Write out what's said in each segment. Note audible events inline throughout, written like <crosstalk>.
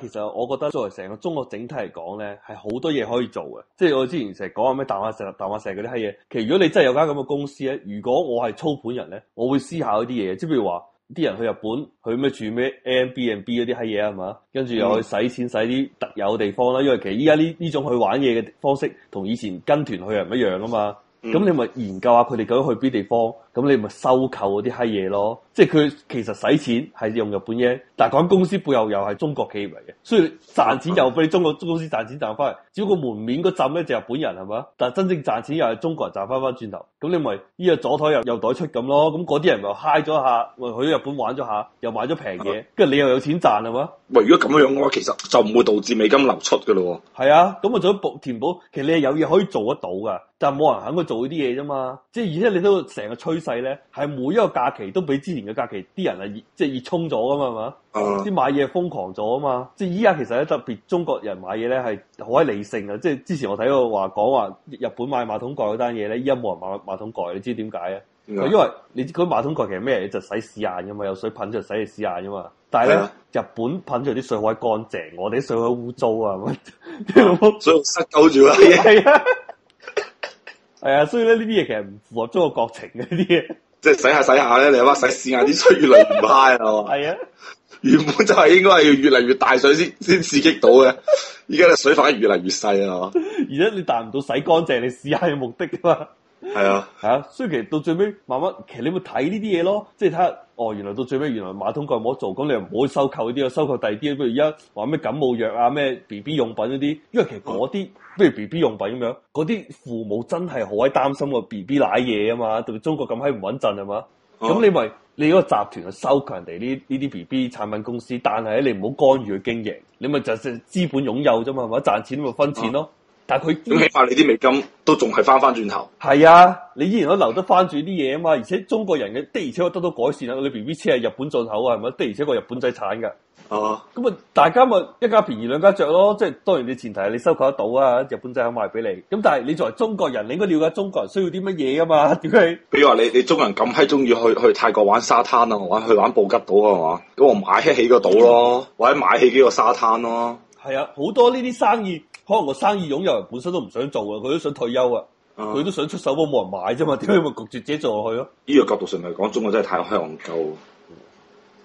其實我覺得作為成個中國整體嚟講咧，係好多嘢可以做嘅。即係我之前成日講話咩大話石、大話石嗰啲閪嘢。其實如果你真係有間咁嘅公司咧，如果我係操盤人咧，我會思考一啲嘢。即係譬如話，啲人去日本去咩住咩 Airbnb 嗰啲閪嘢係嘛，跟住又去使錢使啲特有嘅地方啦。因為其實依家呢呢種去玩嘢嘅方式，同以前跟團去又唔一樣噶嘛。咁、嗯、你咪研究下佢哋究竟去邊地方。咁你咪收購嗰啲閪嘢咯，即係佢其實使錢係用日本嘢，但係講公司背後又係中國企業嚟嘅，所以賺錢又俾中國公司賺錢賺翻嚟。只不過門面嗰陣咧就日本人係嘛，但係真正賺錢又係中國人賺翻翻轉頭。咁你咪依個左台入右袋出咁咯。咁嗰啲人咪嗨咗下，去日本玩咗下，又買咗平嘢，跟住、啊、你又有錢賺係嘛？喂，如果咁樣嘅話，其實就唔會導致美金流出嘅咯。係啊，咁我做咗補填補，其實你係有嘢可以做得到㗎，但係冇人肯去做呢啲嘢啫嘛。即係而且你都成日吹。係咧，係每一個假期都比之前嘅假期，啲人啊熱，即係熱衝咗噶嘛，啲、uh huh. 買嘢瘋狂咗啊嘛，即係依家其實咧特別中國人買嘢咧係好閪理性啊，即係之前我睇個話講話日本買馬桶蓋嗰單嘢咧，依家冇人買馬桶蓋，你知點解啊？Uh huh. 因為你知佢馬桶蓋其實咩嘢就是、洗屎眼噶嘛，有水噴咗就洗嚟屎眼噶嘛，但係咧日本噴咗啲水好閪乾淨，我哋啲水好污糟啊，所以、uh huh. <laughs> 塞狗住啊。係啊，所以咧呢啲嘢其實唔符合中國國情嘅呢啲嘢，即 <laughs> 係洗下洗下咧，你話洗試下啲水越嚟越唔嗨啊。g 係嘛？係啊，原本就係應該係要越嚟越大水先先刺激到嘅，越越 <laughs> 而家嘅水反而越嚟越細啊，係嘛？而家你達唔到洗乾淨你試下嘅目的啊嘛，係啊，係啊，所以其實到最尾慢慢，其實你會睇呢啲嘢咯，即係睇。哦，原來到最尾，原來馬桶蓋冇得做，咁你又唔好去收購呢啲啊，收購第二啲，不如而家話咩感冒藥啊，咩 B B 用品嗰啲，因為其實嗰啲，譬、啊、如 B B 用品咁樣，嗰啲父母真係好閪擔心個 B B 奶嘢啊嘛，對中國咁閪唔穩陣係嘛？咁、啊、你咪你嗰個集團去收購人哋呢呢啲 B B 產品公司，但係你唔好干預佢經營，你咪就係資本擁有啫嘛，或者賺錢咪分錢咯。啊但佢咁起碼你啲美金都仲係翻翻轉頭，係啊，你依然都留得翻住啲嘢啊嘛！而且中國人嘅的而且確得到改善啊！你 B B 車係日本進口啊，係咪？的而且確日本仔產噶哦，咁啊，大家咪一家便宜兩家着咯，即係當然你前提係你收購得到啊！日本仔肯賣俾你，咁但係你作為中國人，你應該了解中國人需要啲乜嘢啊嘛？點解？比如話你你中國人咁係中意去去泰國玩沙灘啦、啊，玩去玩布吉島啊嘛，咁我買起起個島咯，或者買起幾個沙灘咯，係啊，好、啊、多呢啲生意。可能個生意擁有人本身都唔想做啊，佢都想退休啊，佢、嗯、都想出手都冇人買啫嘛，點解咪焗住自己做落去咯？呢個角度上嚟講，中國真係太慷慨，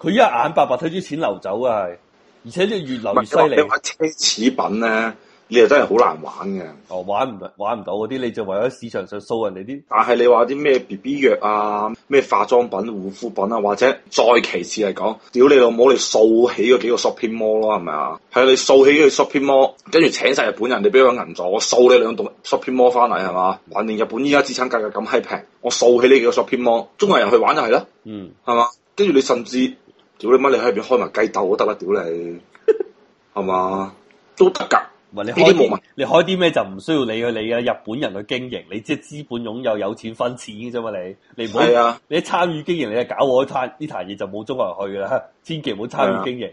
佢一眼白白睇住啲錢流走啊，而且即係越流越犀利。奢侈品咧？你又真係好難玩嘅，哦玩唔玩唔到嗰啲，你就為咗市場上掃人哋啲。但係你話啲咩 B B 藥啊，咩化妝品、護膚品啊，或者再其次嚟講，屌、嗯、你老母，你掃起嗰幾個 shopping mall 咯，係咪啊？係啊，你掃起嗰啲 shopping mall，跟住請晒日本人，你俾個銀座我，掃你兩棟 shopping mall 翻嚟，係嘛？反正日本依家資產價格咁閪平，我掃起呢幾個 shopping mall，中國人去玩就係咯。嗯。係嘛？跟住你甚至，屌你媽，你喺入邊開埋雞斗都得啦，屌你，係嘛？都得噶。呢啲你開啲咩就唔需要理佢，你嘅日本人去經營，你即係資本擁有有錢分錢嘅啫嘛！你的你唔好你參與經營，你係搞海灘呢壇嘢就冇中國人去啦！千祈唔好參與經營。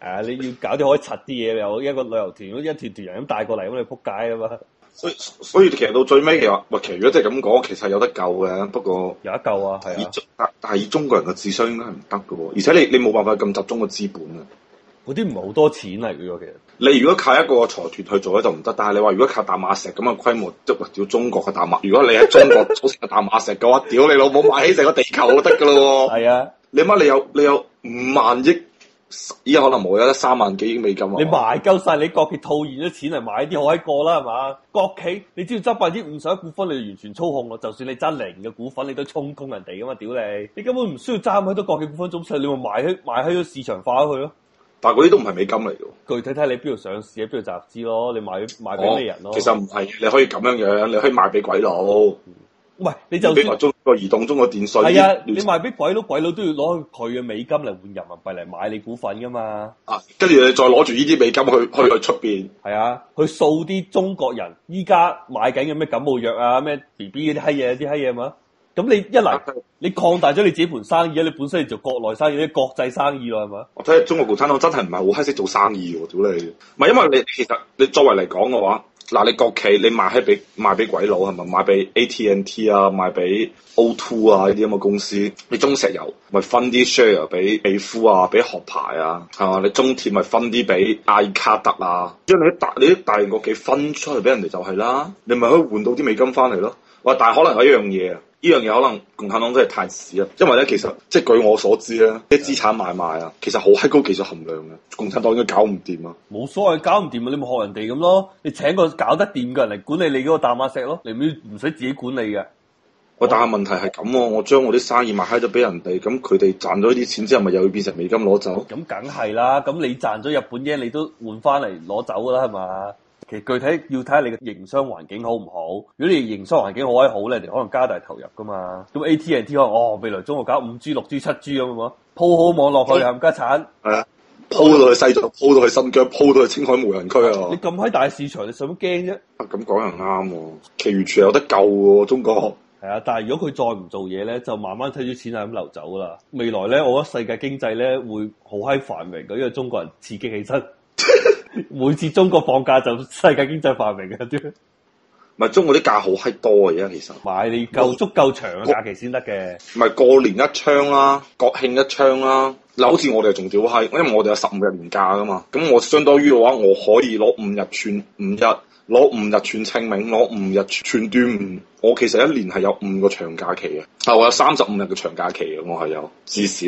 的 <laughs> <laughs> 啊！你要搞啲可以拆啲嘢，又一個旅遊團，咁一團團人咁帶過嚟，咁你撲街啊嘛！所以所以其實到最尾嘅話，喂，其實如果係咁講，其實，其實有得救嘅。不過有得救啊，係啊以的，但係以中國人嘅智商應該係唔得嘅喎，而且你你冇辦法咁集中個資本啊！嗰啲唔係好多錢嚟嘅，其實你如果靠一個財團去做咧就唔得，但係你話如果靠淡馬錫咁嘅規模，即係話中國嘅大馬，如果你喺中國做成淡馬錫嘅話， <laughs> 屌你老母買起成個地球都得嘅咯喎！係啊， <laughs> 你乜你有你有五萬億，依家可能冇，有得三萬幾億美金啊！你賣夠晒你國企套現咗錢嚟買啲海個啦係嘛？國企你只要執百分之五十一股份，你，你就完全操控我。就算你執零嘅股份，你都充公人哋嘅嘛屌你！你根本唔需要揸咁多國企股份，總之你咪賣喺賣喺咗市場化咗佢咯。但嗰啲都唔係美金嚟㗎，具體睇你邊度上市，邊度集資咯。你買買俾咩人咯、啊哦？其實唔係，你可以咁樣樣，你可以賣俾鬼佬。唔係、嗯嗯，你就算中國移動中國電信，係啊，你賣俾鬼佬，鬼佬都要攞佢嘅美金嚟換人民幣嚟買你股份㗎嘛。啊，跟住你再攞住呢啲美金去去去出邊？係啊，去掃啲中國人依家買緊嘅咩感冒藥啊，咩 B B 嗰啲閪嘢，啲閪嘢嘛。咁你一嚟，你擴大咗你自己盤生意啊！你本身係做國內生意，啲國際生意咯，係咪？我睇下中國共產黨，我真係唔係好閪識做生意喎！屌你！唔係因為你其實你作為嚟講嘅話，嗱你國企你賣係俾賣俾鬼佬係咪？賣俾 AT&T 啊，賣俾 O2 啊呢啲咁嘅公司，你中石油咪分啲 share 俾美孚啊，俾殼牌啊，係嘛？你中鐵咪分啲俾艾卡特啊，將你啲特你啲大型國企分出去俾人哋就係啦，你咪可以換到啲美金翻嚟咯。喂，但係可能有一樣嘢啊～呢樣嘢可能共產黨真係太屎啦，因為咧其實即係、就是、據我所知咧，啲資產買賣啊，其實好閪高技術含量嘅，共產黨應該搞唔掂啊！冇所謂，搞唔掂啊！你咪學人哋咁咯，你請個搞得掂嘅人嚟管理你嗰個大馬石咯，你唔唔使自己管理嘅。喂、哦，但係問題係咁喎，我將我啲生意賣閪咗俾人哋，咁佢哋賺咗啲錢之後，咪又要變成美金攞走？咁梗係啦，咁、哦哦哦、你賺咗日本 yen，你都換翻嚟攞走㗎啦係嘛？具體要睇下你嘅營商環境好唔好。如果你營商環境好閪好咧，你可能加大投入噶嘛。咁 A T and T 話哦，未來中國搞五 G、六 G、七 G 咁啊，鋪好網絡去冚家鏟。係啊、哎，鋪到去西藏，鋪到去新疆，鋪到去青海無人區啊！你咁喺大市場，你使乜驚啫？咁講、啊、人啱、啊，其完全有得救嘅、啊、中國。係啊，但係如果佢再唔做嘢咧，就慢慢睇住錢係咁流走啦。未來咧，我覺得世界經濟咧會好閪繁榮嘅，因為中國人刺激起身。 <laughs> 每次中國放假就世界經濟繁榮嘅 <laughs> ，唔係中國啲假好閪多嘅，而家其實買你夠我足夠長假期先得嘅。唔係過年一槍啦、啊，國慶一槍啦，嗱，好似我哋仲屌閪，因為我哋有十五日年假噶嘛，咁我相當於嘅話，我可以攞五日串五日，攞五日串清明，攞五日串端午，我其實一年係有五個長假期嘅，係我有三十五日嘅長假期嘅，我係有至少。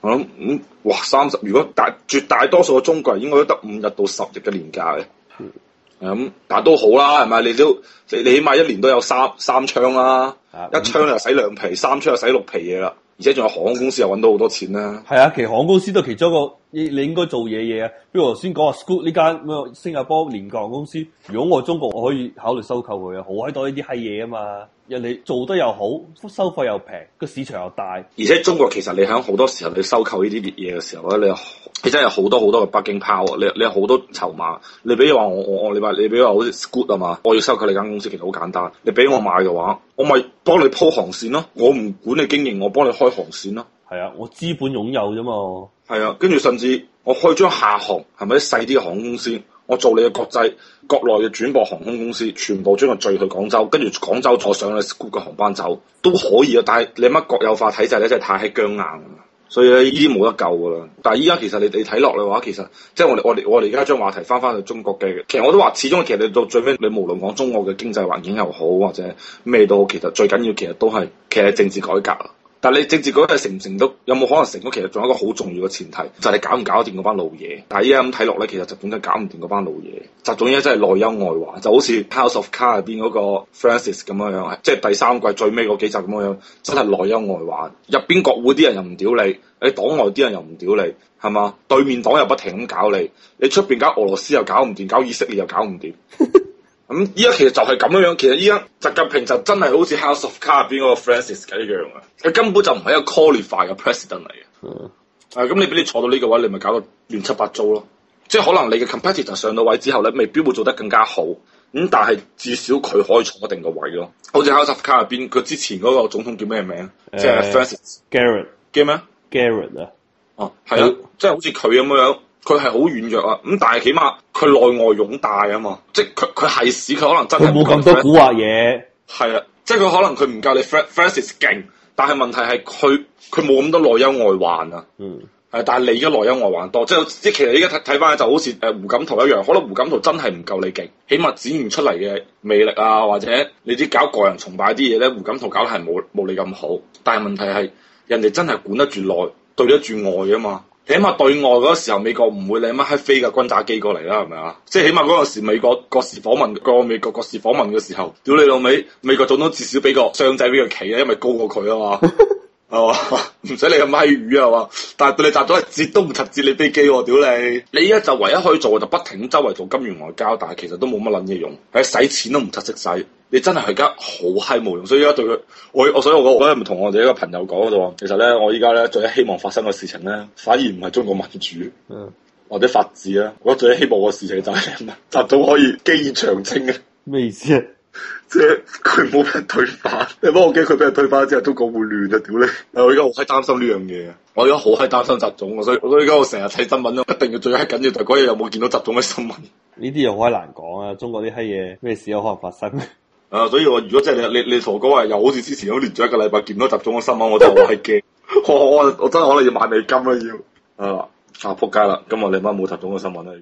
我諗咁，哇、嗯、三十！如果大絕大多數嘅中國人應該都得五日到十日嘅年假嘅。咁、嗯嗯、但係都好啦，係咪？你都你起碼一年都有三三槍啦、啊，啊、一槍就洗兩皮，三槍就洗六皮嘢啦。而且仲有航空公司又揾到好多錢啦。係啊，其實航空公司都其中一個你你應該做嘢嘢啊。不如我頭先講下 Scoot 呢間咩新加坡廉航公司。如果我中國我可以考慮收購佢啊，好閪多呢啲閪嘢啊嘛～人哋做得又好，收費又平，個市場又大，而且中國其實你喺好多時候你收購呢啲嘢嘅時候咧，你有你真係好多好多嘅北京炮，你你有好多籌碼。你比如話我我我你話你比如話好似 Scoot 啊嘛，我要收購你間公司其實好簡單。你俾我買嘅話，我咪幫你鋪航線咯，我唔管你經營，我幫你開航線咯。係啊，我資本擁有啫嘛。係啊，跟住甚至我可以將下航係咪細啲嘅航空公司？我做你嘅國際國內嘅轉播航空公司，全部將佢聚去廣州，跟住廣州坐上嘅 s c h o o l 嘅航班走都可以啊！但係你乜國有化體制咧，真、就、係、是、太僵硬啊！所以咧，依啲冇得救噶啦。但係依家其實你你睇落嘅話，其實即係我哋我哋我哋而家將話題翻翻去中國嘅，其實我都話，始終其實你到最尾，你無論講中國嘅經濟環境又好或者咩都，好，其實最緊要其實都係其實政治改革但你政治嗰啲成唔成都有冇可能成到？其實仲有一個好重要嘅前提，就係、是、你搞唔搞得掂嗰班老嘢。但係依家咁睇落咧，其實就本身搞唔掂嗰班老嘢。習總一真係內憂外患，就好似 House of Cards 入邊嗰個 Francis 咁樣樣，即、就、係、是、第三季最尾嗰幾集咁樣樣，真係內憂外患。入邊國會啲人又唔屌你，你黨外啲人又唔屌你，係嘛？對面黨又不停咁搞你，你出邊搞俄羅斯又搞唔掂，搞以色列又搞唔掂。 <laughs> 咁依家其實就係咁樣樣，其實依家習近平就真係好似 House of Cards 入邊嗰個 Francis 一樣啊！佢根本就唔係一個 qualify 嘅 president 嚟嘅。誒、嗯，咁、啊、你俾你坐到呢個位，你咪搞到亂七八糟咯。即係可能你嘅 competitor 上到位之後咧，未必會做得更加好。咁、嗯、但係至少佢可以坐一定個位咯。好似 House of Cards 入邊，佢之前嗰個總統叫咩名？即係 Francis Garrett，叫咩？Garrett 啊，哦、啊，係咯、啊，嗯、即係好似佢咁樣。佢係好軟弱啊，咁但係起碼佢內外擁戴啊嘛，即係佢佢係使佢可能真係冇咁多蠱惑嘢、啊，係啊，即係佢可能佢唔夠你 Frances 勁、嗯，但係問題係佢佢冇咁多內憂外患啊，嗯，係，但係你而家內憂外患多，即係即係其實而家睇睇翻，就好似誒胡錦濤一樣，可能胡錦濤真係唔夠你勁，起碼展現出嚟嘅魅力啊或者你啲搞個人崇拜啲嘢咧，胡錦濤搞得係冇冇你咁好，但係問題係人哋真係管得住內對得住外啊嘛。起碼對外嗰個時候，美國唔會你乜黑飛嘅轟炸機過嚟啦，係咪啊？即係起碼嗰陣時，美國國事訪問個美國國事訪問嘅時候，屌你老味，美國總統至少俾個箱仔俾佢企啊，因為高過佢啊嘛。 <laughs> 係唔使你嘅米魚啊嘛，但係對你砸咗一節唔拆節你飛機喎，啊，屌你！你依家就唯一可以做嘅就不停周圍做金援外交，但係其實都冇乜撚嘢用，係使錢都唔窒息使，你真係而家好閪冇用，所以而家對佢，我我所以我我嗰日咪同我哋一個朋友講咯，其實咧我依家咧最希望發生嘅事情咧，反而唔係中國民主，嗯，或者法治啦，我覺得最希望嘅事情就係砸到可以機場清嘅，咩意思？即係佢冇俾人退翻，你諗我驚佢俾人退翻之後，都講會亂啊！屌你， <laughs> 我而家好閪擔心呢樣嘢，我而家好閪擔心習總，所以我我而家我成日睇新聞咯，一定要最緊要就嗰日有冇見到習總嘅新聞。呢啲又好閪難講啊！中國啲閪嘢，咩事有可能發生？啊！所以我如果真係你你你傻哥啊，又好似之前咁連住一個禮拜見到習總嘅新聞， <laughs> 我真係好閪驚，我真係可能要買美金啦要啊！啊仆街啦！今日你媽冇習總嘅新聞咧。